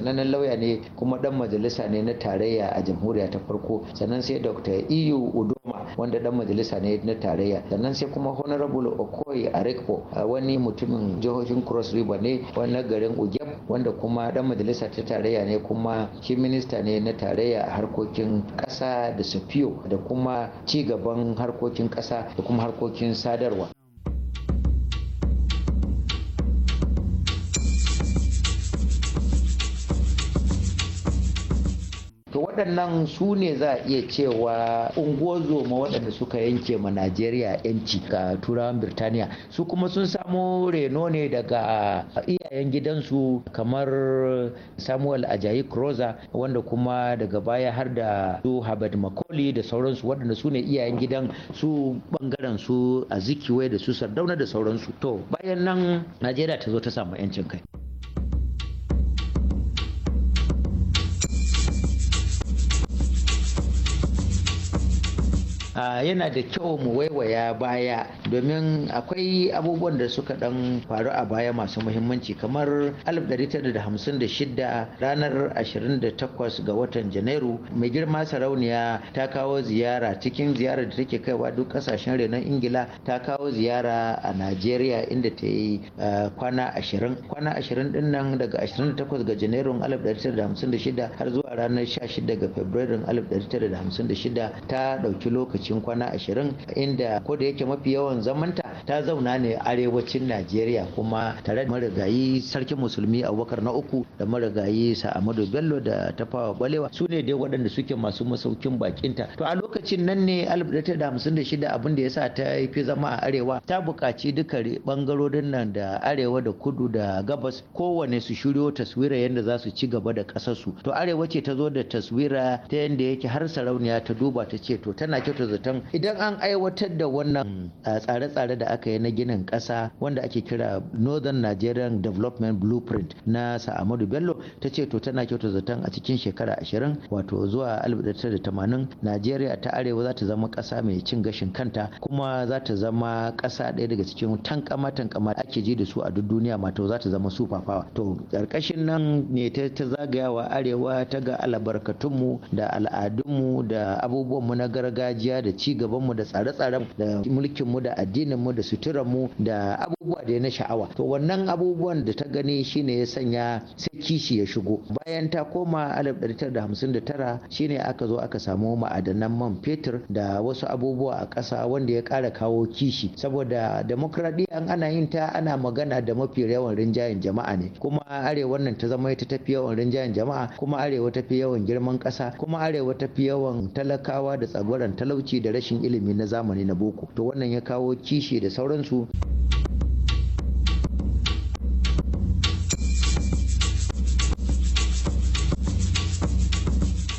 sanannen lauya ne kuma dan majalisa ne na tarayya a jamhuriya ta farko sannan sai dr iyu udoma wanda dan majalisa ne na tarayya sannan sai kuma honorable okoye arekpo wani mutumin jihohin cross river ne wani garin ugyab wanda kuma dan majalisa ta tarayya ne kuma shi minista ne na tarayya a harkokin kasa da sufiyo da kuma ci gaban harkokin kasa da kuma harkokin sadarwa to waɗannan su ne za a iya cewa unguwar waɗanda suka yanke ma najeriya yanci ga turawan birtaniya su kuma sun samo reno ne daga iyayen gidansu kamar samuel ajayi croza wanda kuma daga baya har da su habad makoli da sauransu waɗanda su ne iyayen gidan su ɓangaren su zikiwai da su sardauna da sauransu to bayan nan najeriya ta zo ta samu yancin kai Ah, yana da kyau mu waiwaya baya domin akwai abubuwan da suka dan faru a baya masu muhimmanci kamar 1956 ranar 28 ga watan janairu mai girma sarauniya ta kawo ziyara cikin ziyarar da take kaiwa duk kasashen renon ingila ta kawo ziyara a najeriya inda ta yi ah, kwana 20 kwana 20 din nan daga 28 ga janairun 1956 har zuwa ranar 16 ga fabrairun 1956 ta dauki lokaci cikin kwana ashirin inda ko yake mafi yawan zamanta ta zauna ne arewacin najeriya kuma tare da marigayi sarkin musulmi abubakar na uku da marigayi sa'amadu bello da tafawa balewa su ne dai waɗanda suke masu masaukin bakinta to a lokacin nan ne 1956 abin da ya sa ta fi zama a arewa ta buƙaci duka bangarorin nan da arewa da kudu da gabas kowane su shiryo taswira yadda za su ci gaba da ƙasarsu to arewa ce ta zo da taswira ta yadda yake har sarauniya ta duba ta ce to tana kyauta zaton idan an aiwatar da wannan mm, tsare-tsare da aka yi na ginin ƙasa wanda ake kira Northern Nigerian Development Blueprint na Sa'amadu Bello ta ce to tana kyauta zaton a cikin shekara 20 wato zuwa 1980 Najeriya ta arewa za ta zama kasa mai cin gashin kanta kuma za ta zama kasa ɗaya daga cikin tankama tankama ake ji da su a duk duniya to za ta zama super power to karkashin nan ne ta ta zagayawa arewa ta ga albarkatunmu da al'adunmu da abubuwanmu na gargajiya da ci gabanmu da tsare-tsaren da mulkinmu da addininmu da suturar mu da abubuwa da ya na sha'awa to wannan abubuwan da ta gani shine ya sanya sai kishi ya shigo bayan ta koma 1959 shine aka zo aka samu ma'adanan man fetur da wasu abubuwa a ƙasa wanda ya ƙara kawo kishi saboda demokradiyya ana yin ta ana magana da mafi yawan rinjayen jama'a ne kuma arewa nan ta zama ita tafi yawan rinjayen jama'a kuma arewa ta fi yawan girman ƙasa kuma arewa ta fi yawan talakawa da tsagwaron talauci da rashin ilimi na zamani na boko to wannan ya kawo kishi da da sauransu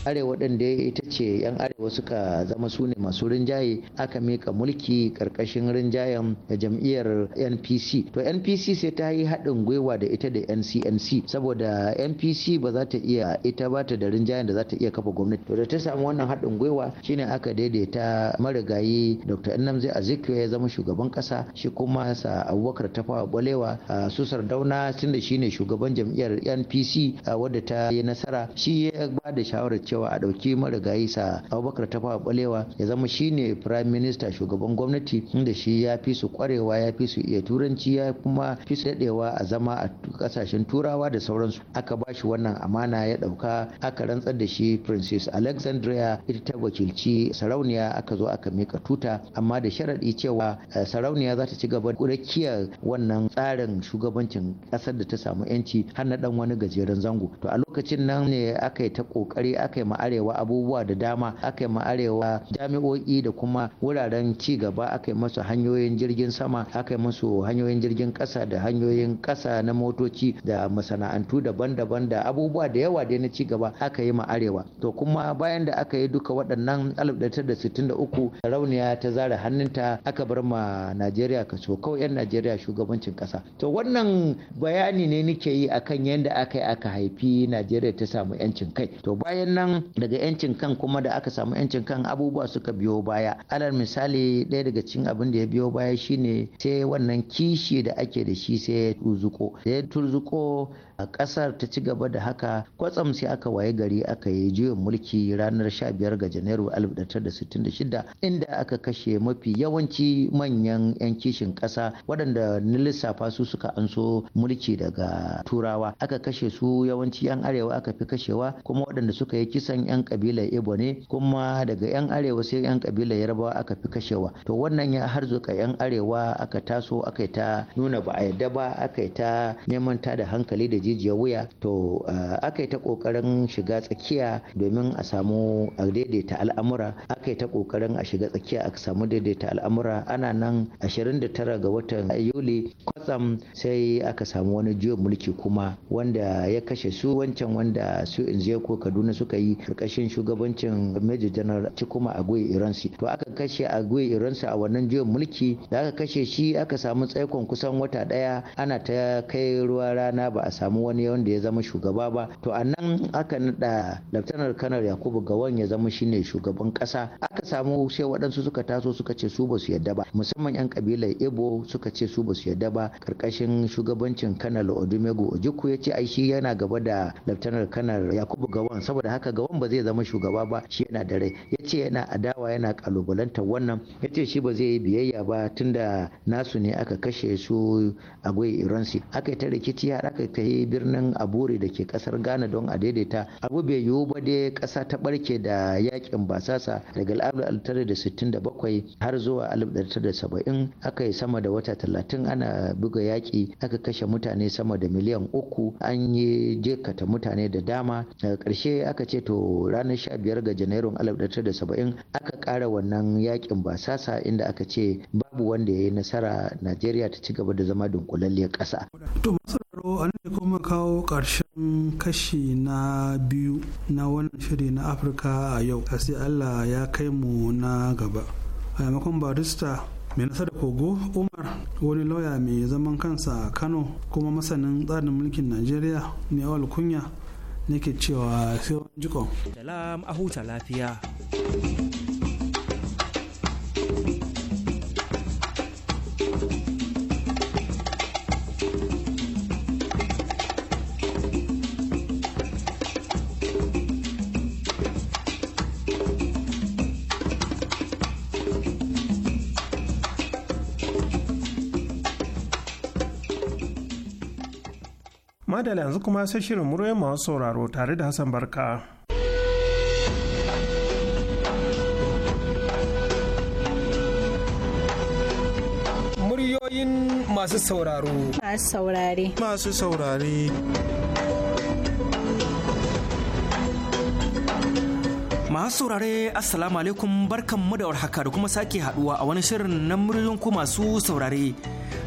arewa ɗin da ita ce 'yan arewa suka zama su ne masu rinjaye aka mika mulki karkashin rinjayen jam'iyyar npc to npc sai ta yi haɗin gwiwa da ita da ncnc saboda npc ba za ta iya ita ba ta da rinjayen da za ta iya kafa gwamnati to da ta samu wannan haɗin gwiwa shine aka daidaita marigayi dr nnamdi azikiwe ya zama shugaban ƙasa shi kuma sa abubakar tafawa balewa susar dauna tunda shine shugaban jam'iyyar npc wadda ta yi nasara shi ya ba da shawarar cewa cewa a ɗauki marigayi sa abubakar ta fara balewa ya zama shine prime minister shugaban gwamnati inda shi ya fi su kwarewa ya fi su iya turanci ya kuma fi su daɗewa a zama a kasashen turawa da sauransu aka ba shi wannan amana ya ɗauka aka rantsar da shi princess alexandria ita ta wakilci sarauniya aka zo aka mika tuta amma da sharaɗi cewa eh, sarauniya za ta ci gaba da rakiyar wannan tsarin shugabancin ƙasar da ta samu 'yanci har na ɗan wani gajeren zango to a lokacin nan ne aka yi ta ƙoƙari aka aka ma arewa abubuwa da dama aka yi arewa jami'o'i da kuma wuraren ci gaba aka yi masu hanyoyin jirgin sama aka yi masu hanyoyin jirgin ƙasa da hanyoyin ƙasa na motoci da masana'antu daban-daban da abubuwa da yawa da na ci gaba aka yi ma arewa to kuma bayan da aka yi duka waɗannan 1963 rauniya ta zara hannunta aka bar ma najeriya kaso kawai 'yan najeriya shugabancin ƙasa to wannan bayani ne nake yi akan yadda aka yi aka haifi najeriya ta samu 'yancin kai to bayan nan daga yancin kan kuma da aka samu yancin kan abubuwa suka biyo baya alal misali ɗaya daga cikin abin da ya biyo baya shine sai wannan kishi da ake da shi sai ya turzuko da ya turzuko a ƙasar ta ci gaba da haka kwatsam sai aka waye gari aka yi juyin mulki ranar 15 ga janairu 1966 inda aka kashe mafi yawanci manyan 'yan kishin ƙasa waɗanda na lissafa su suka anso mulki daga turawa aka kashe su yawanci 'yan arewa aka fi kashewa kuma waɗanda suka yi kisan 'yan kabilar ibo ne kuma daga 'yan arewa sai 'yan kabilar yarbawa aka fi kashewa to wannan ya harzuka 'yan arewa aka taso aka ta nuna ba a yadda ba aka ta neman ta da hankali da jijiya wuya to aka ta kokarin shiga tsakiya domin a samu a daidaita al'amura aka ta kokarin a shiga tsakiya a samu daidaita al'amura ana nan 29 ga watan yuli kwatsam sai aka samu wani juyin mulki kuma wanda ya kashe su wancan wanda su in ko kaduna suka yi karkashin shugabancin major general Chikuma Agwe Iransi to aka kashe Agwe Iransi a wannan jiyon mulki da aka kashe shi aka samu tsaikon kusan wata daya ana ta kai ruwa rana ba a samu wani wanda ya zama shugaba ba to a nan aka nada Laftanar colonel Yakubu Gawan ya zama shine shugaban kasa aka samu sai waɗansu suka taso suka ce su ba su yadda ba musamman 'yan kabilar ibo suka ce su ba su yadda ba karkashin shugabancin colonel Odumegu Ojukwu ya ce ai shi yana gaba da Laftanar colonel Yakubu Gawan saboda haka shugaban ba zai zama shugaba ba shi yana da rai ya ce yana adawa yana kalubalantar wannan ya ce shi ba zai yi biyayya ba tunda nasu ne aka kashe su a gwai iransi aka yi ta rikici har aka kai birnin abure da ke kasar ghana don a daidaita abu bai yiwu ba dai kasa ta barke da yakin basasa daga bakwai har zuwa 1970 aka yi sama da wata talatin ana buga yaki aka kashe mutane sama da miliyan uku an yi jikata mutane da dama daga karshe aka ce wato ranar sha biyar ga janairun alif da saba'in aka ƙara wannan yakin basasa inda aka ce babu wanda ya yi nasara najeriya ta ci gaba da zama dunkulalliyar ƙasa. to raro an ne kuma kawo ƙarshen kashi na biyu na wannan shiri na afirka a yau sai allah ya kai mu na gaba a maimakon barista mai nasarar kogo umar wani lauya mai zaman kansa a kano kuma masanin tsarin mulkin najeriya ne kunya nake cewa sai wani jikon. Salam a huta lafiya. madala yanzu kuma sai shirin muryoyin masu sauraro tare da hassan barka muryoyin masu sauraro masu saurare masu saurare Masu saurare Assalamu alaikum barkan mu da warhaka da kuma sake haduwa a wani shirin na muryoyin ku masu saurare.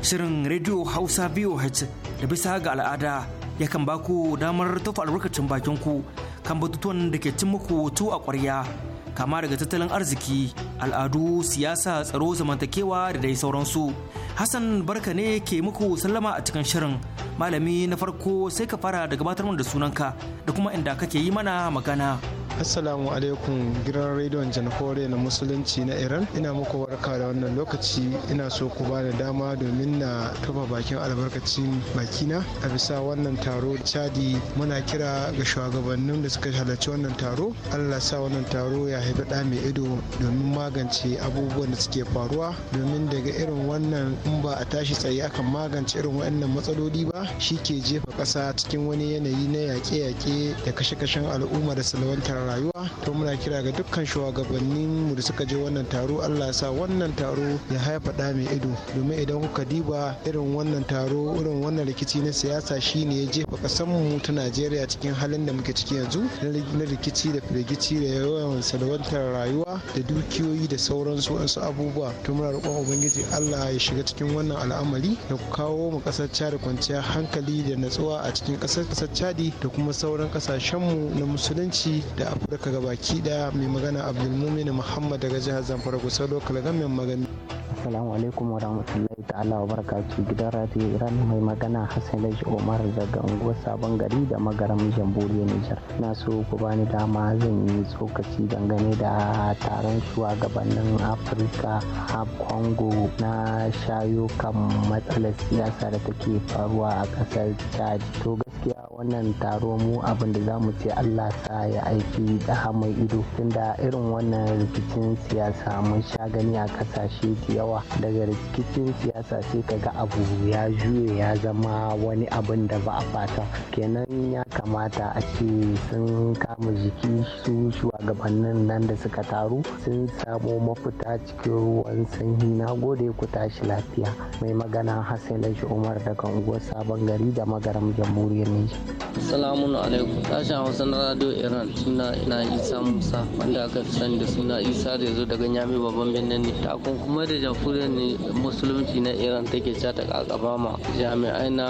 Shirin Radio Hausa VOH da bisa ga al'ada yakan ba ku damar tofa albarkacin bakin ku kan batutuwan da ke cin muku tu a ƙwarya kama daga tattalin arziki al'adu siyasa tsaro zamantakewa da dai sauransu hassan barka ne ke muku sallama a cikin shirin malami na farko sai ka fara da gabatar da sunanka da kuma inda kake yi mana magana. Assalamu alaikum gidan rediyon Janfore na Musulunci na Iran. Ina muku warka da wannan lokaci ina so ku da dama domin na tufa bakin albarkacin bakina a bisa wannan taro Chadi muna kira ga shugabannin da suka halarci wannan taro. Allah sa wannan taro ya haifi da mai ido domin magance abubuwan da suke faruwa domin daga irin wannan in ba a tashi tsaye akan magance irin waɗannan matsaloli ba shi ke jefa ƙasa cikin wani yanayi na yaƙe-yaƙe da kashe-kashen al'umma da salwantar rayuwa to muna kira ga dukkan shugabannin mu da suka je wannan taro Allah ya sa wannan taro ya haifa da mai ido domin idan kuka diba irin wannan taro irin wannan rikici na siyasa shine ya jefa kasan mu ta Najeriya cikin halin da muke ciki yanzu na rikici da firgici da yawan salwantar rayuwa da dukiyoyi da sauran su wasu abubuwa to muna roƙon ubangiji Allah ya shiga cikin wannan al'amari da ku kawo mu kasar Chad kwanciyar hankali da natsuwa a cikin kasar kasar Chad da kuma sauran kasashen mu na musulunci da afirka gabaki daya mai magana abdulmumin muhammad daga jihar zamfara kusa lokal gamin magani assalamu alaikum wa rahmatullahi ta'ala wa barakatuh gidan radio iran mai magana hassan laji omar daga unguwar sabon gari da magaram jamhuriya nijar na so ku bani dama zan yi tsokaci dangane da taron shugabannin afirka a congo na shayo kan matsalar siyasa da take faruwa a kasar chad to gaskiya wannan taro mu abin da za mu ce allah sa ya aiki da mai ido tunda irin wannan rikicin siyasa mun sha gani a kasashe da yawa daga rikicin siyasa sai ka ga abu ya juye ya zama wani abin da ba a fata kenan ya kamata a ce sun kama jiki su shugabannin nan da suka taru sun samo mafita cikin ruwan sanyi na gode ku tashi lafiya mai magana hassan umar daga unguwar sabon gari da magaram jamhuriyar musu Salamu alaikum sashen Hausa na Radio Iran suna ina Isa Musa wanda aka fi sani da suna Isa da zo daga Nyami babban birnin ne. Takun kuma da jamhuriyar ne musulunci na Iran take ca ta kakaba ma jami'ai na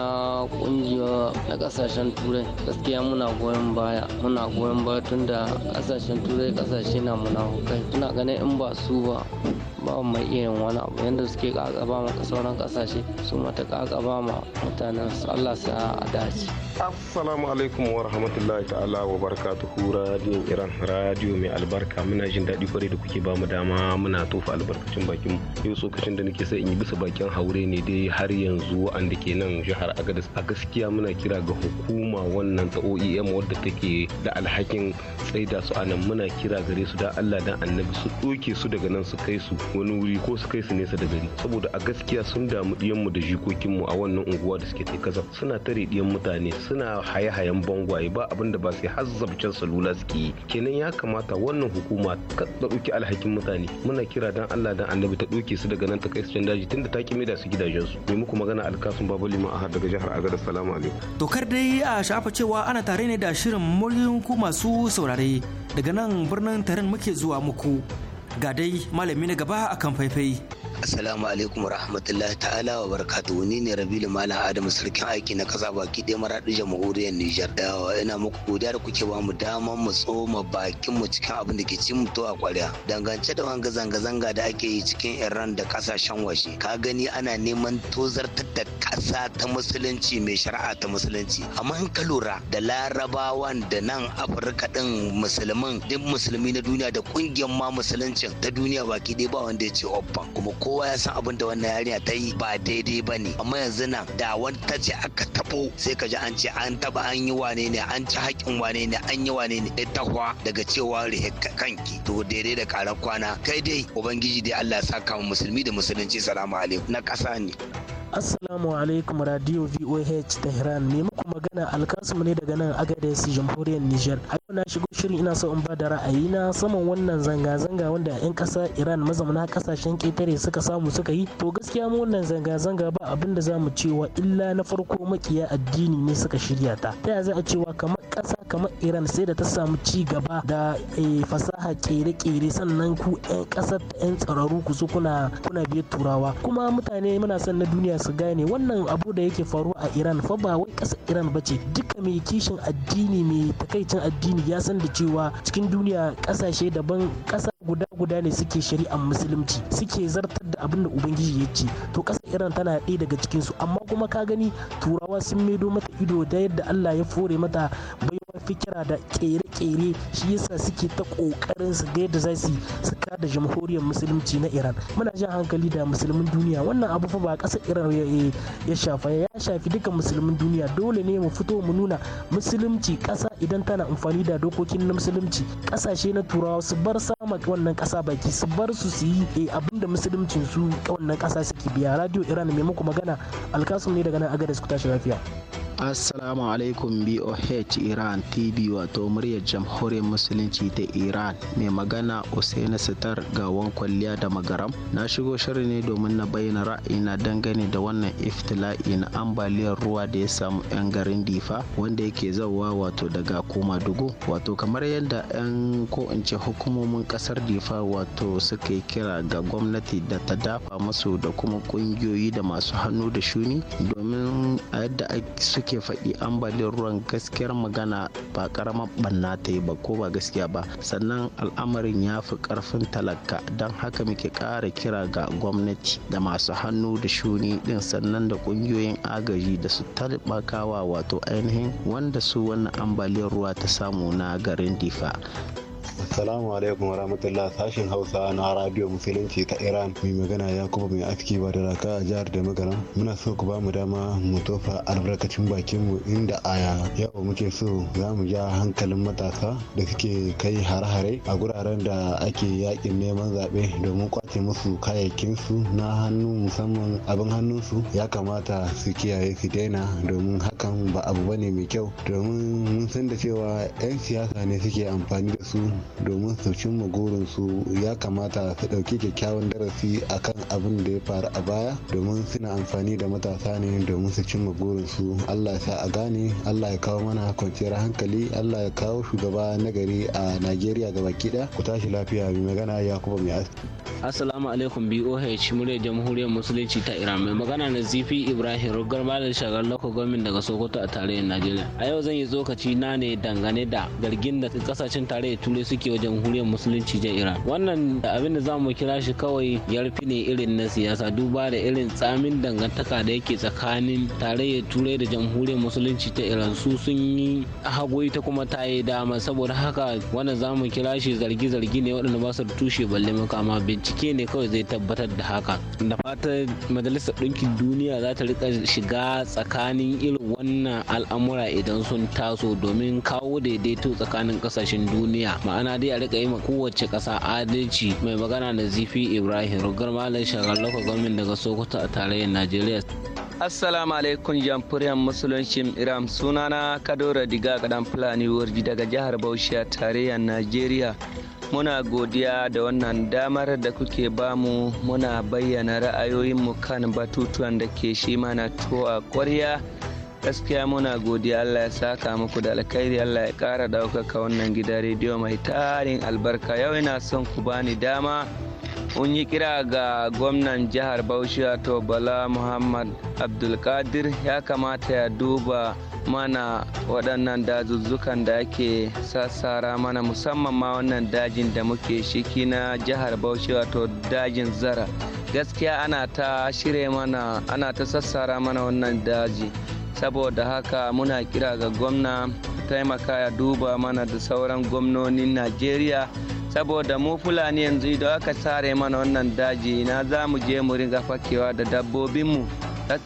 kungiyar na kasashen turai gaskiya muna goyon baya muna goyon baya tun da kasashen turai kasashe na munafukai. Tuna ganin in ba su ba ba mai iya yin wani abu yadda suke kakaba ma sauran kasashe su mata kakaba ma mutanen su Allah su a dace. Assalamu alaikum wa rahmatullahi ta'ala wa barakatuhu radiyon Iran radiyo mai albarka muna jin daɗi kwarai da kuke bamu dama muna tofa albarkacin bakin yau tsokacin da nake sai in yi bisa bakin haure ne dai har yanzu wa'anda ke nan jihar Agadez a gaskiya muna kira ga hukuma wannan ta OEM wadda take da alhakin tsaida su a nan muna kira gare su da Allah dan annabi su ɗoke su daga nan su kai su wani wuri ko su kai su nesa da gari saboda a gaskiya sun damu diyanmu da jikokinmu a wannan unguwa da suke kai suna tare diyan mutane suna haye-hayen bangwaye ba abin da ba sai hazzabcin salula suke yi kenan ya kamata wannan hukuma ta ɗauki alhakin mutane muna kira dan Allah dan Annabi ta ɗauke su daga nan ta kai su can daji tunda ta kime da su gidajensu mai muku magana alkasun babu liman har daga jihar agadar salamu alaikum to kar dai a shafa cewa ana tare ne da shirin muryun ku masu saurare daga nan birnin taron muke zuwa muku ga dai malami na gaba akan faifai. Assalamu alaikum rahmatullahi ta'ala wa barakatuhu ni ne Rabilu Malam Adamu sarkin aiki na kasa baki ɗaya maraɗi jamhuriyar Nijar. Yawa ina muku godiya da kuke ba mu dama mu tsoma bakin mu cikin abin da ke ci mu a kwarya. Dangance da wanga zanga-zanga da ake yi cikin Iran da kasashen waje. Ka gani ana neman tozartar da ƙasa ta musulunci mai shari'a ta musulunci. Amma in ka lura da larabawan da nan Afirka ɗin musulmin duk musulmi na duniya da kungiyar ma musuluncin ta duniya baki ɗaya ba wanda ya ce kuma kowa ya san abin da wannan yarinya ta yi ba daidai ba ne amma yanzu nan da wani ta ce aka tabo sai ka ji an ce an taba an yi wane ne an ci haƙƙin wane ne an yi wane ne ita kwa daga cewa rihe kanki to daidai da karar kwana kai dai ubangiji dai Allah ya saka musulmi da musulunci salamu alaikum na ƙasa ne. Assalamu alaikum Radio VOH Tehran. Me muku magana alkasum ne daga nan Agadez Jamhuriyar Nijar. A yau na shigo shirin ina so in ba da ra'ayi na saman wannan zanga-zanga wanda 'yan ƙasa Iran mazauna ƙasashen ƙetare suka samu suka yi. To gaskiya mu wannan zanga-zanga ba abin da za mu cewa illa na farko makiya addini ne suka shirya ta. Ta yaya za a cewa kamar ƙasa kamar Iran sai da ta samu ci gaba da eh, fasaha ƙere-ƙere sannan ku 'yan ƙasar 'yan tsararru ku zo kuna kuna biyar turawa. Kuma mutane muna son na duniya su gane wannan abu da yake faruwa a iran fa ba wai ƙasar iran ba ce duka mai kishin addini mai takaicin addini ya san da cewa cikin duniya kasashe daban ƙasa guda guda ne suke shari'ar musulunci suke zartar da abin da ubangiji ya ce to ƙasar iran tana ɗaya daga cikinsu amma kuma ka gani turawa sun maido mata ido da yadda allah ya fore mata bai kira da ƙere kere shi yasa suke ta ƙoƙarin su ga yadda za su su kada jamhuriyar musulunci na iran muna jan hankali da musulmin duniya wannan abu fa ba ƙasar iran ya shafa ya shafi duka musulmin duniya dole ne mu fito mu nuna musulunci ƙasa idan tana amfani da dokokin na musulunci ƙasashe na turawa su bar sama wannan ƙasa baki su bar su su yi eh, abin da musulunci su wannan ƙasa suke biya radio iran mai maimako magana alkasum ne daga nan agadis ku tashi lafiya. Assalamu alaikum BOH Iran TV wato muryar jamhuriyar musulunci ta Iran mai magana Usaini Sitar gawon kwalliya da magaram. Na shigo shirin ne domin na bayyana ra'ayina dangane da wannan iftila'i na ambaliyar ruwa da ya samu 'yan garin Difa wanda yake zauwa wato daga Koma Dugu. Wato kamar yadda 'yan ko in ce hukumomin kasar Difa wato suka yi kira ga gwamnati da ta dafa musu da kuma kungiyoyi da masu hannu da shuni domin a yadda ake faɗi ambaliyar ruwan gaskiyar magana ba karamar banna ta yi ba ko ba gaskiya ba sannan al'amarin ya fi ƙarfin talaka don haka muke ƙara kira ga gwamnati da masu hannu da shuni din sannan da ƙungiyoyin agaji da su talbakawa wato ainihin wanda su wannan ambaliyar ruwa ta samu na garin difa Assalamu alaikum warahmatullah sashen Hausa na Radio Musulunci ta Iran mai magana ya mai aski ba da raka a jihar da magana muna so ku ba mu dama mu tofa albarkacin bakin mu inda a yau muke so za mu ja hankalin matasa da suke kai hare-hare a guraren da ake yakin neman zaɓe domin kwace musu su na hannu musamman abin hannunsu ya kamata su kiyaye su daina domin hakan ba abu bane mai kyau domin mun san da cewa 'yan siyasa ne suke amfani da su domin su cimma su ya kamata su ɗauki kyakkyawan darasi kan abin da ya faru a baya domin suna amfani da matasa ne domin su cimma su allah sa a gane allah ya kawo mana kwanciyar hankali allah ya kawo shugaba nagari a nigeria gaba ɗaya ku tashi lafiya mai magana ya kuma mai as assalamu alaikum boh murya jamhuriyar musulunci ta iran mai magana na zifi ibrahim rugar malam shagar lako gwamnati daga sokoto a tarayyar najeriya a yau zan yi tsokaci na ne dangane da gargin da kasashen tarayyar turai suke wa jamhuriyar musulunci ta iran wannan abin da zamu kira shi kawai yarfi ne irin na siyasa duba da irin tsamin dangantaka da yake tsakanin tarayyar turai da jamhuriyar musulunci ta iran su sun yi hagoyi ta kuma ta yi dama saboda haka wannan zamu kira shi zargi-zargi ne waɗanda ba su da tushe balle makama bincike ne kawai zai tabbatar da haka da fatan majalisar ɗinkin duniya za ta rika shiga tsakanin irin wannan al'amura idan sun taso domin kawo daidaito tsakanin ƙasashen duniya ma'ana ana dai a rika yi ma kowace ƙasa adalci mai magana da zifi ibrahim rugar malam shagar lokacin gwamnati daga sokoto a tarayyar najeriya Assalamu alaikum jamhuriyar musuluncin Iram sunana Kadora Diga gadan Fulani Warji daga jihar Bauchi a tarayyar Najeriya. Muna godiya da wannan damar da kuke bamu muna bayyana ra'ayoyin mu kan batutuwan da ke shi mana a kwarya. gaskiya muna godiya Allah ya saka muku da alkhairi Allah ya kara daukaka wannan gida rediyo mai tarin albarka yau ina son ku bani dama mun yi kira ga gwamnan jihar Bauchi to Bala Muhammad Abdulkadir ya kamata ya duba mana waɗannan dazuzzukan da ake sassara mana musamman ma wannan dajin da muke shiki na jihar Bauchi to dajin Zara gaskiya ana ta shirye mana ana ta sassara mana wannan daji saboda haka muna kira ga gwamna taimaka ya duba mana da sauran gwamnonin najeriya saboda mu fulani yanzu da aka sare mana wannan daji na za mu je mu ringa fakewa da dabbobinmu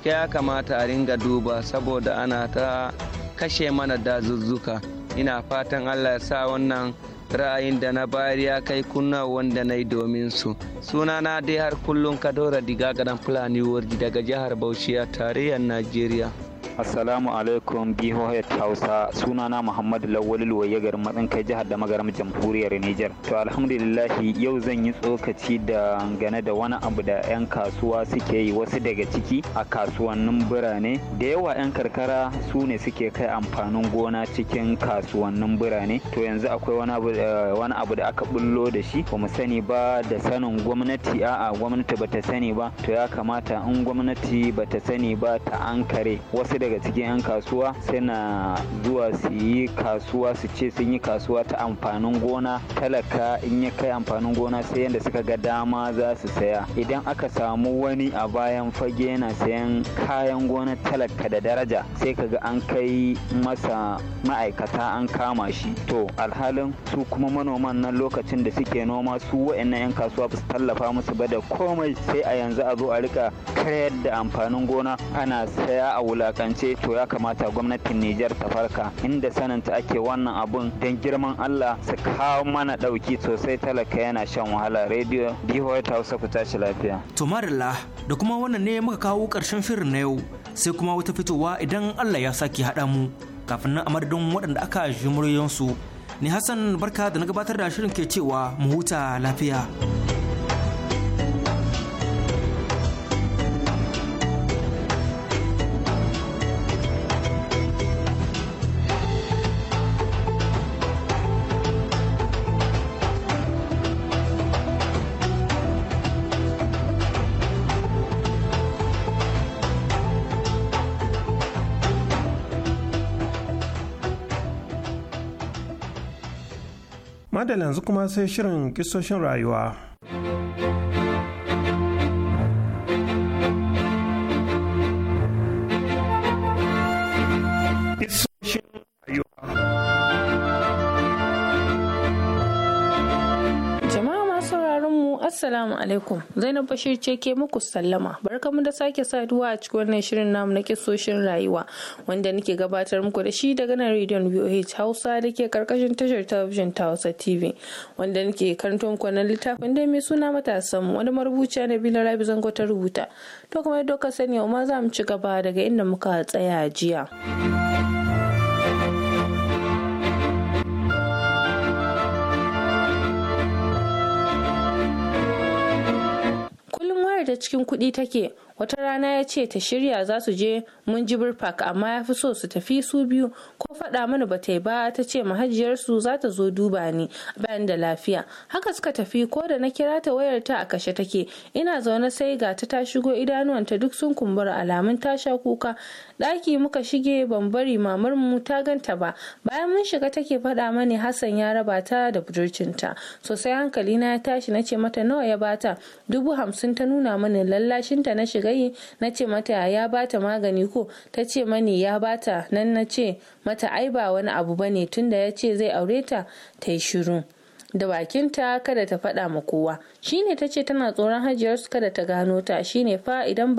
ya kamata a ringa duba saboda ana ta kashe mana dazuzzuka ina fatan allah ya sa wannan ra'ayin da na bayar ya kai kunna wanda na yi domin su Suna na dai har kullum kadora diga gadan fulani daga jihar bauchi a tarayyar najeriya Assalamu alaikum bihohet Hausa sunana Muhammadu Lawal Luwaye garin matsin kai jihar da magaram jamhuriyar Nijar. To alhamdulillahi yau zan yi tsokaci da gane da wani abu da 'yan kasuwa suke yi wasu daga ciki a kasuwannin birane. Da yawa 'yan karkara su ne suke kai amfanin gona cikin kasuwannin birane. To yanzu akwai eh, wani abu da aka bullo da shi ba mu sani ba da sanin gwamnati a'a gwamnati ba ta sani ba to ya kamata in gwamnati ba ta sani ba ta ankare wasu su daga cikin 'yan kasuwa suna zuwa su yi kasuwa su ce sun yi kasuwa ta amfanin gona talaka in ya kai amfanin gona sai yadda suka ga dama za su saya idan aka samu wani a bayan fage yana sayan kayan gona talaka da daraja sai ka ga an kai masa ma'aikata an kama shi to alhalin su kuma manoman nan lokacin da suke noma su wa'annan 'yan kasuwa ba su tallafa musu ba da komai sai a yanzu a zo a rika kayar da amfanin gona ana saya a wulaka bakance to ya kamata gwamnatin Nijar ta farka inda sananta ake wannan abun don girman Allah su kawo mana ɗauki sosai talaka yana shan wahala rediyo bihoyi ta ku tashi lafiya. To da kuma wannan ne muka kawo karshen shirin na yau sai kuma wata fitowa idan Allah ya sake haɗa mu kafin nan a madadin waɗanda aka ji muryoyinsu. Ni Hassan barka da na gabatar da shirin ke cewa mu huta lafiya. madal yanzu kuma sai shirin kisoshin rayuwa Assalamu alaikum. Zainab Bashir ce ke muku sallama. Barkamu da sake saduwa a cikin wannan shirin namu na kisoshin rayuwa wanda nake gabatar muku da shi daga nan rediyon VOH Hausa da ke karkashin tashar talabijin ta Hausa TV wanda nake karanto muku wannan littafin da mai suna matasan wani marubuciya na Bila Rabi Zango ta rubuta. To kamar yadda sani yau ma za mu ci gaba daga inda muka tsaya jiya. da cikin kuɗi take wata rana ya ce ta shirya za su je munjibir park amma ya fi so su tafi su biyu ko faɗa mana ba ta yi ba ta ce mahajiyarsu za ta zo duba ni bayan da lafiya haka suka tafi ko da na kira ta wayar ta a kashe take ina zaune sai ga ta ta shigo idanuwanta duk sun kumbura alamun ta sha kuka ɗaki muka shige ban bari mamar mu ta ganta ba bayan mun shiga take faɗa mani hassan ya raba ta da budurcinta sosai hankali na ya tashi na ce mata nawa ya bata dubu hamsin ta nuna mani lallashinta na shiga gayi na ce mata ya bata magani ko ta ce mani ya bata nan na ce mata ai ba wani abu bane tunda ya ce zai aure ta ta yi shiru da bakinta kada ta faɗa ma kowa shine ta ce tana tsoron hajiyarsu kada ta gano ta shine fa idan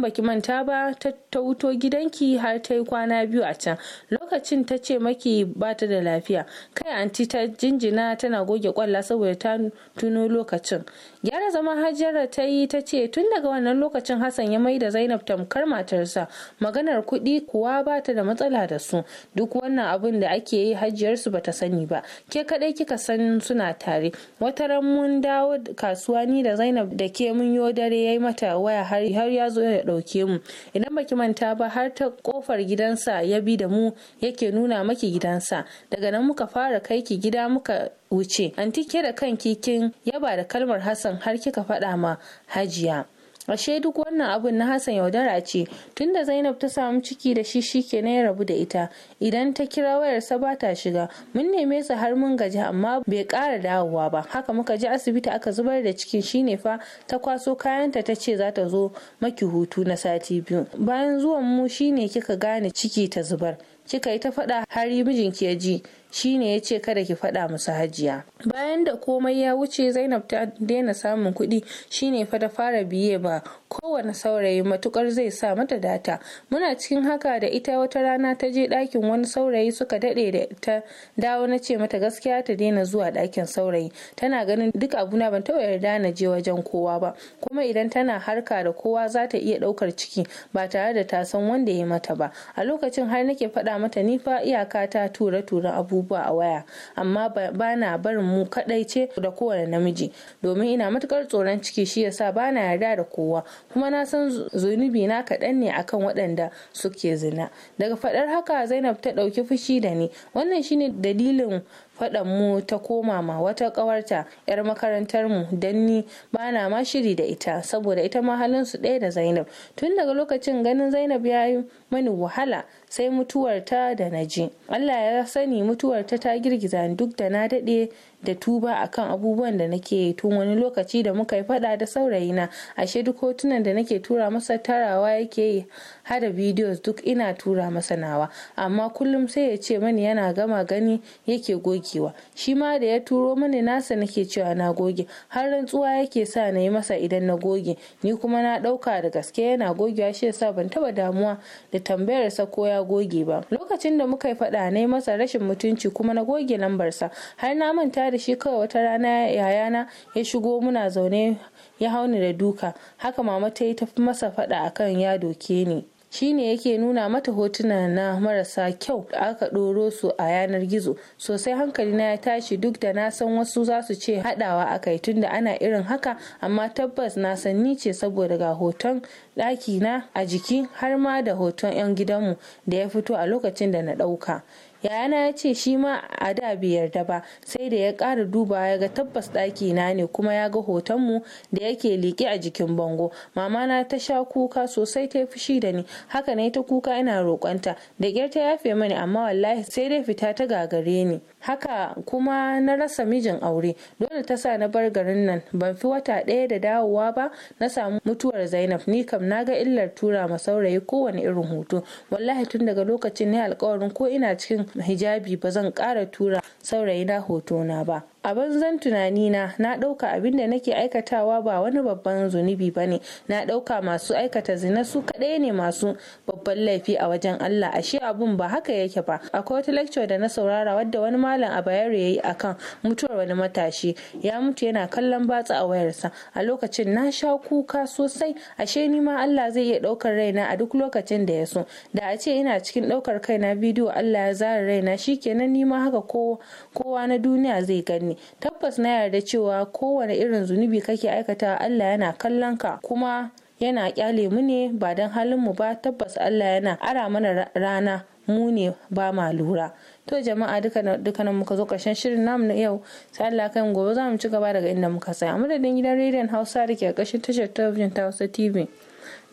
baki manta ba ta wuto gidanki har ta yi kwana biyu a can lokacin ta ce maki ba ta da lafiya kai anti ta jinjina tana goge kwalla saboda ta tuno lokacin gyara zama hajiyar ta yi ta ce tun daga wannan lokacin hassan ya mai da zainab tamkar matarsa maganar kuɗi kuwa ba ta da matsala da su duk wannan abin da ake yi hajiyarsu su bata sani ba ke kaɗai kika san can suna tare wata ran mun dawo kasuwa ni da zainab da ke mun yo dare yayi mata waya har ya zo ya dauke mu idan baki manta ba har ta kofar gidansa ya bi da mu yake nuna maki gidansa daga nan muka fara kai ki gida muka wuce anti ke da kan kikin yaba da kalmar hassan har kika fada ma hajiya ashe duk wannan abun na hassan yaudara ce tunda zainab ta samu ciki da shi shike na ya rabu da ita idan ta kira wayarsa ba ta shiga mun neme sa har mun gaji amma bai ƙara dawowa ba haka muka je asibiti aka zubar da cikin shine fa ta kwaso kayanta ta ce za ta zo maki hutu na sati biyu bayan zuwan mu shine kika gane ciki ta zubar kika yi ta faɗa har mijinki ya ji shine ya ce kada ki faɗa musu hajiya bayan da komai ya wuce zainab ta daina samun kuɗi shine fa ta fara biye ba kowane saurayi matukar zai sa mata data muna cikin haka da ita wata rana ta je ɗakin wani saurayi suka daɗe da ta dawo na ce mata gaskiya ta daina zuwa ɗakin saurayi tana ganin duk abuna ban taɓa yarda na je wajen kowa ba kuma idan tana harka da kowa za ta iya ɗaukar ciki ba tare da ta san wanda ya mata ba a lokacin har nake faɗa mata ni fa iyaka ta tura turan abu abubuwa a waya amma ba na barin mu kadai ce da kowane namiji domin ina matukar tsoron ciki shi yasa ba na yarda da kowa kuma na san zunubi na kaɗan ne akan waɗanda suke zina daga faɗar haka zainab ta ɗauki fushi da ni wannan shine dalilin faɗan mu ta koma ma wata ƙawarta 'yar makarantar mu don ni ba na ma shiri da ita saboda ita ma halin su ɗaya da Zainab tun daga lokacin ganin Zainab ya yi mani wahala sai mutuwarta da na Allah ya sani mutuwarta ta ta girgiza duk da na daɗe da tuba akan abubuwan da nake yi tun wani lokaci da muka yi fada da saurayina ashe duk hotunan da nake tura masa tarawa yake yi hada videos duk ina tura masa nawa amma kullum sai ya ce mani yana gama gani yake gogewa shi ma da ya turo mani nasa nake cewa na goge har rantsuwa yake sa na yi masa idan na goge ni kuma na dauka da gaske yana gogewa shi yasa ban taba damuwa da tambayarsa ko ya goge ba lokacin da muka yi fada na yi masa rashin mutunci kuma na goge lambarsa har na manta da shi kawai wata rana yayana ya shigo muna zaune ya hauni da duka haka mama ta yi tafi masa fada akan ya doke ni shi ne yake nuna mata hotuna na marasa kyau da aka ɗoro su a yanar gizo sosai hankali na ya tashi duk da na san wasu za su ce haɗawa a kai tunda ana irin haka amma tabbas na san ni ce saboda ga hoton ɗaki na a jiki har ma da hoton 'yan gidanmu da ya fito a lokacin da na ɗauka yayana ya ce shi ma a da bai yarda ba sai da ya ƙara duba ya ga tabbas ɗaki na ne kuma ya ga hotonmu da yake liƙe a jikin bango mamana ta sha kuka sosai ta fushi da ni haka ne ta kuka ina roƙonta da ƙyar ta yafe mani amma wallahi sai dai fita ta gagare ni haka kuma na rasa mijin aure dole ta sa na bar garin nan ban fi wata ɗaya da dawowa ba na samu mutuwar zainab ni kam na ga illar tura ma saurayi kowane irin hoto wallahi tun daga lokacin ne alkawarin ko ina cikin hijabi ba zan ƙara tura saurayina hotona ba a banzan tunani na Na ɗauka abin da nake aikatawa ba wani babban zunubi ba ne na ɗauka masu aikata zina su kaɗai ne masu babban laifi a wajen allah ashe abun ba haka yake ba akwai wata lecture da na saurara wadda wani malam a bayero yayi yi akan mutuwar wani matashi ya mutu yana kallon batsa a wayarsa a lokacin na sha kuka sosai ashe ni ma allah zai iya ɗaukar raina a duk lokacin da ya so da a ce ina cikin ɗaukar kaina bidiyo allah ya zara raina shikenan ni ma haka kowa na duniya zai gani tabbas na yarda cewa kowane irin zunubi kake aikata Allah yana kallon ka kuma yana kyale mu ne ba don halin mu ba tabbas Allah yana ara mana rana mu ne ba ma lura to jama'a dukkanin muka zo karshen shirin namu na yau sai Allah mu gobe za mu ci gaba daga inda muka tsaya madadin gidan rediyon Hausa da ke ƙarshen tashar talabijin ta Hausa TV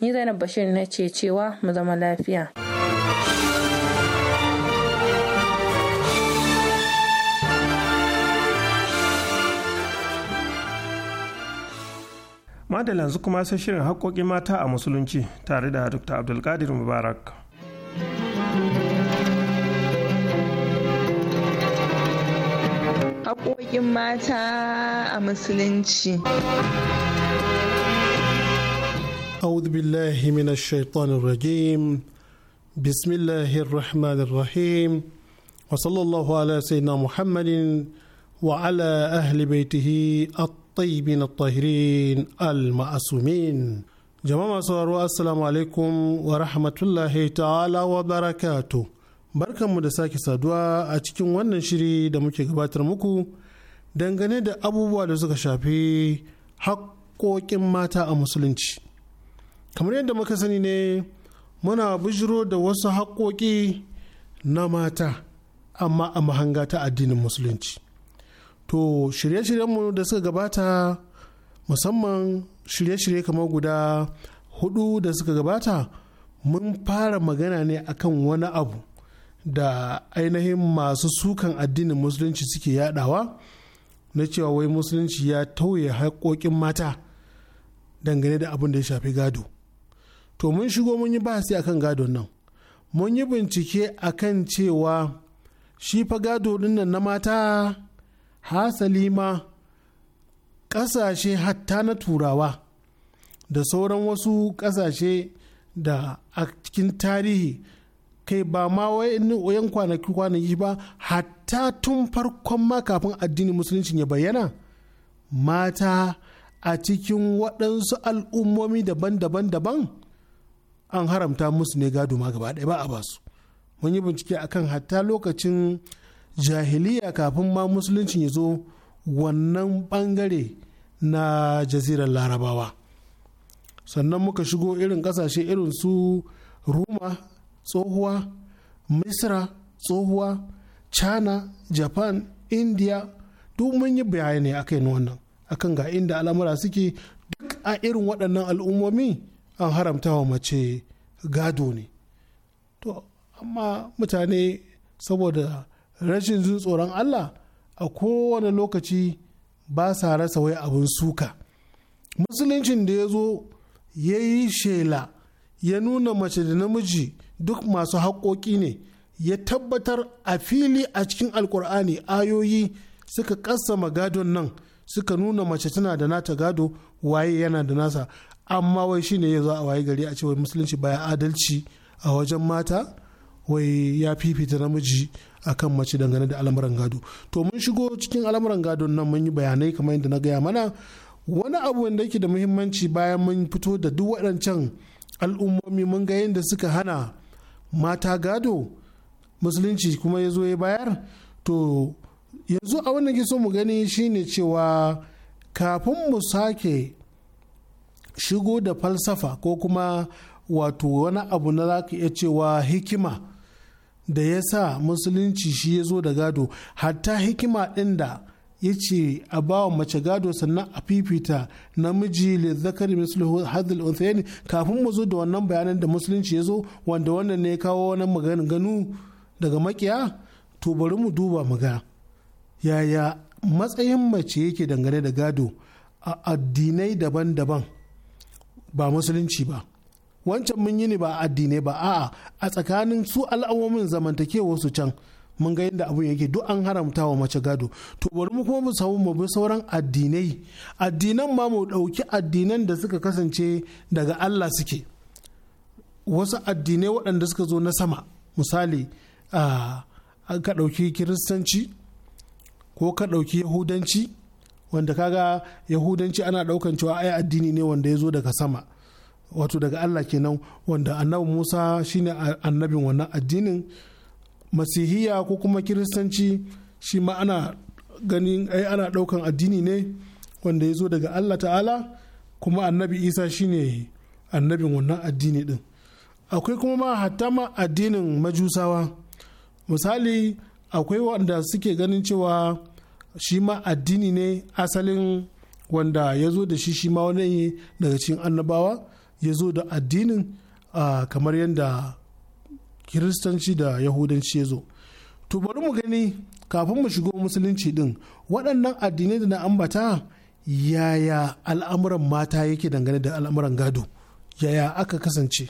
ni Zainab Bashir na ce cewa mu zama lafiya. madalla yanzu kuma sai shirin haƙoƙin mata a musulunci tare da dr abdulkadir mubarak haƙoƙin mata a musulunci أعوذ بالله من الشيطان الرجيم بسم الله الرحمن الرحيم وصلى الله على سيدنا محمد وعلى أهل بيته الطاهرين الطيبين الطاهرين المعصومين jama'a sauraro assalamu alaikum wa rahmatullahi ta'ala wa barkanmu da sake saduwa a cikin wannan shiri da muke gabatar muku dangane da abubuwa da suka shafi haƙoƙin mata a musulunci kamar yadda muka sani ne muna bujiro da wasu haƙoƙi na mata amma a mahanga ta addinin musulunci to shirye-shiryenmu da suka gabata musamman shirye-shirye kamar guda hudu da suka gabata mun fara magana ne akan wani abu da ainihin masu sukan addinin musulunci suke yadawa na cewa wai musulunci ya tauye haƙoƙin mata dangane da abin da ya shafi gado to mun shigo mun yi bahasi akan gado nan mun yi bincike akan cewa shi fa gado dinnan na mata hasali ma ƙasashe hatta na turawa da sauran wasu ƙasashe da a cikin tarihi kai ba ma oyan kwanaki kwanaki ba hatta tun farkon ma kafin addinin musulunci ya bayyana mata a cikin waɗansu al'ummomi daban-daban daban an haramta musu ne gado ma gaba ɗaya ba a basu mun yi bincike akan hatta lokacin jahiliya kafin ma musulunci ya zo wannan bangare na jazirar larabawa sannan muka shigo irin kasashe irin su roma tsohuwa misra tsohuwa china japan india duk mun yi bayani akan wannan akan ga inda al'amura suke duk a irin waɗannan al'ummomi an haramta wa mace gado ne to amma mutane saboda rashin jin tsoron Allah a kowane lokaci ba sa rasa wai abin suka musuluncin da ya zo ya yi shela ya nuna mace da namiji duk masu haƙoƙi ne ya tabbatar a fili a cikin alkur'ani ayoyi suka kassama gadon nan suka nuna mace tana da nata gado waye yana da nasa amma wai shine ya zo a waye gari a cewa wai musulunci baya adalci a wajen mata wai ya fifita namiji akan mace dangane da al'amuran gado to mun shigo cikin al'amuran gado nan mun yi bayanai kamar yadda na gaya mana wani abu wanda yake da muhimmanci bayan mun fito da duk waɗancan al'ummomi mun ga yadda suka hana mata gado musulunci kuma ya zo ya bayar to yanzu a wannan so mu gani shine cewa kafin mu sake shigo da falsafa ko kuma wato wani abu na za ka iya cewa hikima da ya sa musulunci shi ya zo da gado hatta hikima ɗin da ya ce a bawa mace gado sannan a fifita namiji le zakari mislihu hadil unthayni kafin mu zo da wannan bayanan da musulunci ya zo wanda wannan ne ya kawo wannan ganu daga makiya to bari mu duba muga yaya matsayin mace yake dangane da gado a addinai daban-daban ba musulunci ba wancan mun yi ne ba addinai ba a'a a tsakanin su al'awomin zamantakewar su can mun ga yadda abun yake duk an haramta wa mace gado to bari mu kuma mu samu mu bi sauran addinai addinan ma mu dauki addinan da suka kasance daga Allah suke wasu addinai waɗanda suka zo na sama misali ka ɗauki kiristanci ko ka ɗauki yahudanci wanda kaga yahudanci ana ɗaukan cewa ai addini ne wanda ya zo daga sama wato daga Allah kenan wanda annabi Musa shine annabin wannan addinin masihiya ko kuma kiristanci shi ma ana ganin ai ana daukan addini ne wanda ya zo daga Allah ta'ala kuma annabi Isa shine annabin wannan addini din akwai kuma ma hatta ma addinin majusawa misali akwai wanda suke ganin cewa shi ma addini ne asalin wanda ya zo da shi shi ma wani daga cikin annabawa ya zo da addinin kamar yadda kiristanci da yahudanci ya zo to bari mu gani kafin mu shigo musulunci din waɗannan addinai da na ambata yaya al'amuran mata yake dangane da al'amuran gado yaya aka kasance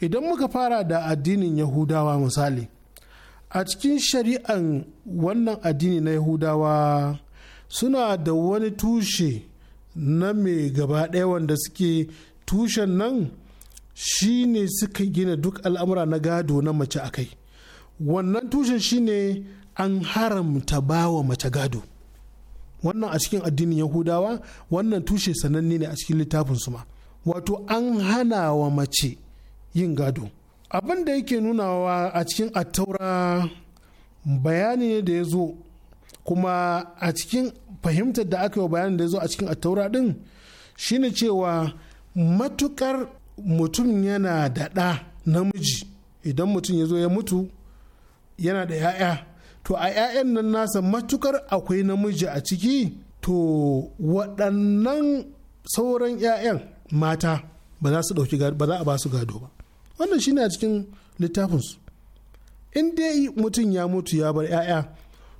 idan muka fara da addinin yahudawa misali a cikin shari'an wannan addini na yahudawa suna da wani tushe na mai gaba ɗaya wanda suke tushen nan shi ne suka gina duk al'amura na gado na mace a kai wannan tushen shi ne an haramta bawa mace gado wannan a cikin addinin yahudawa wannan tushe sananne ne a cikin littafin su ma wato an hana wa mace yin gado abin da yake nunawa a cikin attaura bayani ne da ya zo kuma a cikin fahimtar da aka yi bayanin da ya zo a cikin attaura din shine cewa matukar mutum yana da ɗa namiji idan mutum ya zo ya mutu yana da 'ya'ya to a 'ya'yan nan nasa matukar akwai namiji a ciki to waɗannan sauran 'ya'yan mata ba za su ɗauki ba za a ba su gado ba wannan shine a cikin littafinsu in dai mutum ya mutu ya bar 'ya'ya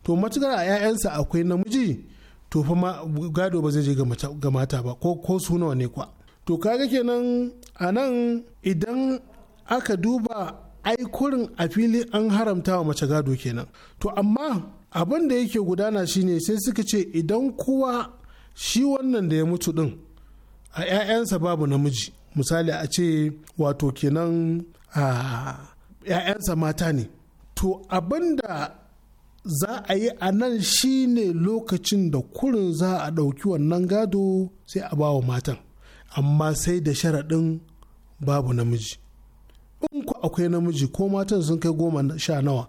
to matukar a 'ya'yansa akwai namiji to fa gado ba zai je ga mata ba ko, sunawa ne kwa to kaga kenan a nan idan aka duba aikurin a fili an haramta wa mace gado kenan to amma abin da yake gudana shine sai suka ce idan kuwa shi wannan da ya mutu din a 'ya'yansa babu namiji misali a ce wato kenan a 'ya'yansa mata ne to abin da za a yi a nan shine lokacin da kurin za a ɗauki wannan gado sai a bawa matan amma sai da sharaɗin babu namiji in ku akwai namiji ko matan sun kai goma sha nawa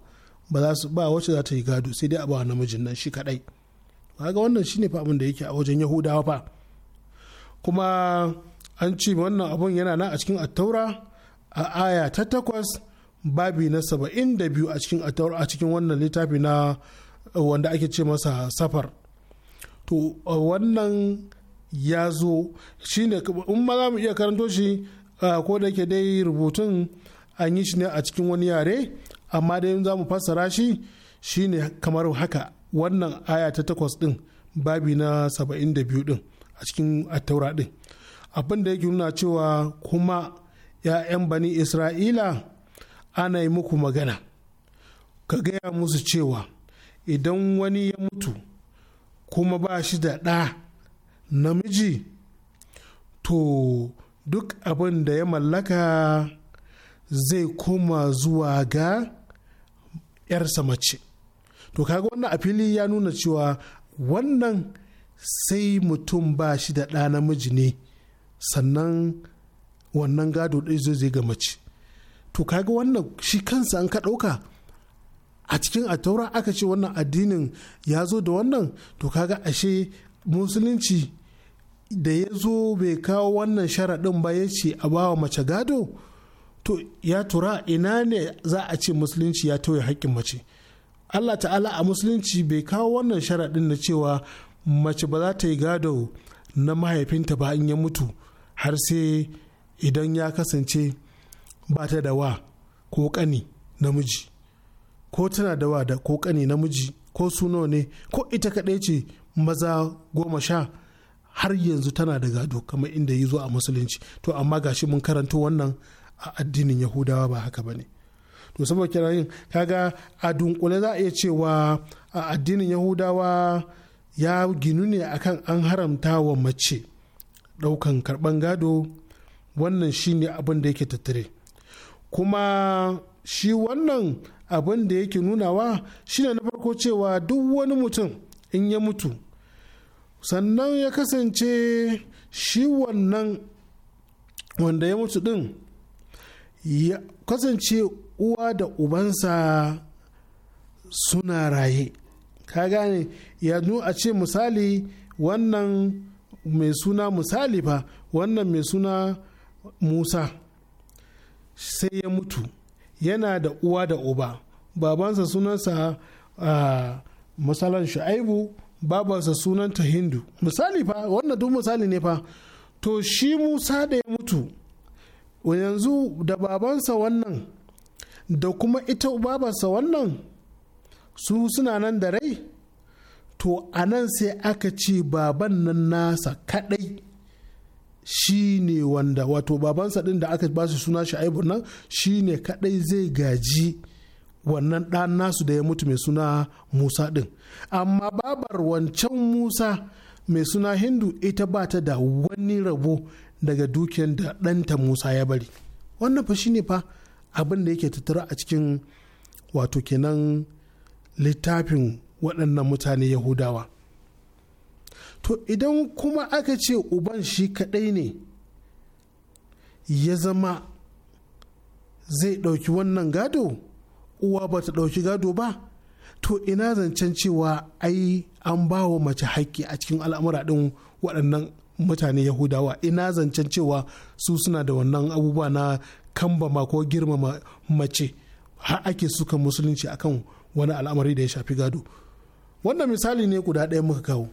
ba za su ba wacce za ta yi gado sai dai a ba namijin nan shi kaɗai ga wannan shine fa abin da yake a wajen yahudawa fa kuma an ce wannan abun yana na a cikin attaura a aya ta takwas babi na saba'in da biyu a cikin attaura a cikin wannan littafi na wanda ake ce masa safar to wannan ya zo ne in ma za mu iya karanto shi ko da ke dai rubutun an yi shi ne a cikin wani yare amma dai za mu fassara shi shi ne kamar haka wannan aya ta takwas din babi na saba'in da biyu din a cikin attaura din abin da yake nuna cewa kuma ‘ya'yan bani isra'ila ana yi muku magana ka gaya musu cewa idan wani ya mutu kuma ba shi da ɗa namiji to duk abin da ya mallaka zai koma zuwa ga 'yarsa mace to kaga wannan a fili ya nuna cewa wannan sai mutum ba shi da ɗa namiji ne sannan wannan gado ɗai zai zai ga mace to kaga wannan shi kansa an ka ɗauka a cikin taura aka ce wannan addinin ya zo da wannan to kaga ashe musulunci da ya zo bai kawo wannan sharaɗin ba ya ce a bawa mace gado to ya tura ina ne za a ce musulunci ya tauye haƙƙin mace allah ta'ala a musulunci bai kawo wannan sharaɗin na cewa mace ba za ta yi gado na mahaifinta ba in ya mutu har sai idan ya kasance ba ta da wa ko ƙani namiji ko tana da wa da ko ƙani namiji ko suno ne ko ita kaɗai ce maza goma sha har yanzu tana da gado kamar inda yi zo a musulunci to amma gashi mun karanta wannan a addinin yahudawa ba haka ba ne to saboda yin kaga a dunkule za a iya cewa a addinin yahudawa ya ginu ne akan an haramta wa mace daukan karban gado wannan shine abin da yake tattare kuma shi wannan abin da yake nunawa shi ne na farko cewa duk wani mutum in ya mutu sannan ya kasance shi wannan wanda ya mutu din ya kasance uwa da ubansa suna raye ka gane ya a ce misali wannan mai suna misali fa wannan mai suna musa sai ya mutu yana da uwa da uba babansa sunansa a uh, masalan shu'aibu babarsa sunanta hindu misali fa wannan duk misali ne fa to shi musa da ya mutu yanzu da babansa wannan da kuma ita babarsa wannan su suna nan da rai to a nan sai aka ce baban nan nasa kadai shi ne wanda wato babansa din da aka ba su suna shi nan shi ne kadai zai gaji wannan ɗan nasu da ya mutu mai suna musa ɗin amma babar wancan musa mai suna hindu ita ba ta da wani rabo daga dukiyar da ɗanta musa ya bari wannan fa shine fa abin da yake tattara a cikin wato kenan littafin waɗannan mutane yahudawa to idan kuma aka ce uban shi kaɗai ne ya zama zai ɗauki wannan gado uwa ba ta ɗauki gado ba to ina zancen cewa ai an ba wa mace haƙƙi a cikin al'amura ɗin waɗannan mutane yahudawa ina zancen cewa su suna da wannan abubuwa na kambama ko girmama mace har ake suka musulunci akan wani al'amari da ya shafi gado wannan misali ne guda ɗaya muka kawo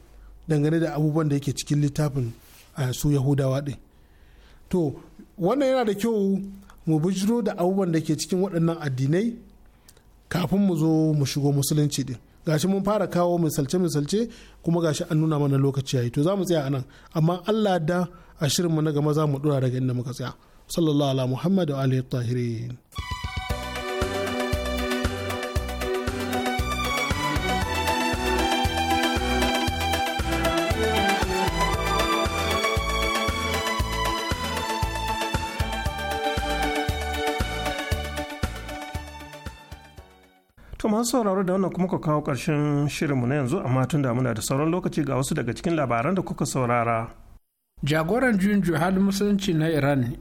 dangane da abubuwan da yake cikin littafin a su yahudawa ɗin to wannan yana da kyau mu bijiro da abubuwan da ke cikin waɗannan addinai kafin mu zo mu shigo musulunci din gashi mun fara kawo misalce-misalce kuma gashi an nuna mana lokaci yayi to zamu tsaya anan amma Allah da a mu na gama zamu mu dora daga inda muka tsaya sallallahu ala muhammad wa alihi tahirin To masu sauraro da wannan kuma ka kawo ƙarshen shirinmu na yanzu amma tun da muna da sauran lokaci ga wasu daga cikin labaran da kuka saurara. Jagoran juyin halin musulunci na Iran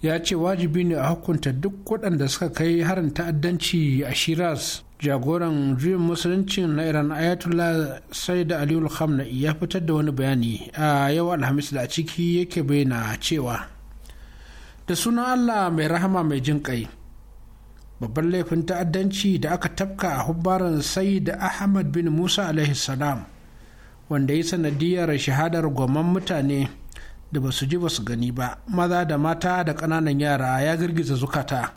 ya ce wajibi ne a hukunta duk waɗanda suka kai harin ta'addanci a Shiraz. Jagoran juyin musulunci na Iran Ayatollah Said Aliyu Khamenei ya fitar da wani bayani a yau Alhamis da a ciki yake bayyana cewa da sunan Allah mai rahama mai jin ƙai. babban laifin ta'addanci da aka tafka a hubbaran sai da ahmad bin musa salam wanda ya sanadiyar shahadar goman mutane da ba su ji ba su gani ba maza da mata da ƙananan yara ya girgiza zukata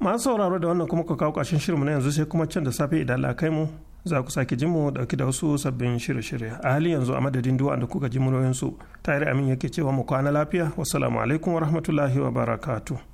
masu sauraro da wannan kuma ka kawo ƙarshen shirinmu na yanzu sai kuma can da safe idan la kai mu za ku sake jin mu dauki da wasu sabbin shirye-shirye a hali yanzu a madadin duwa da kuka ji muryoyinsu tare amin yake cewa mu kwana lafiya wasu alaikum warahmatullahi barakatuh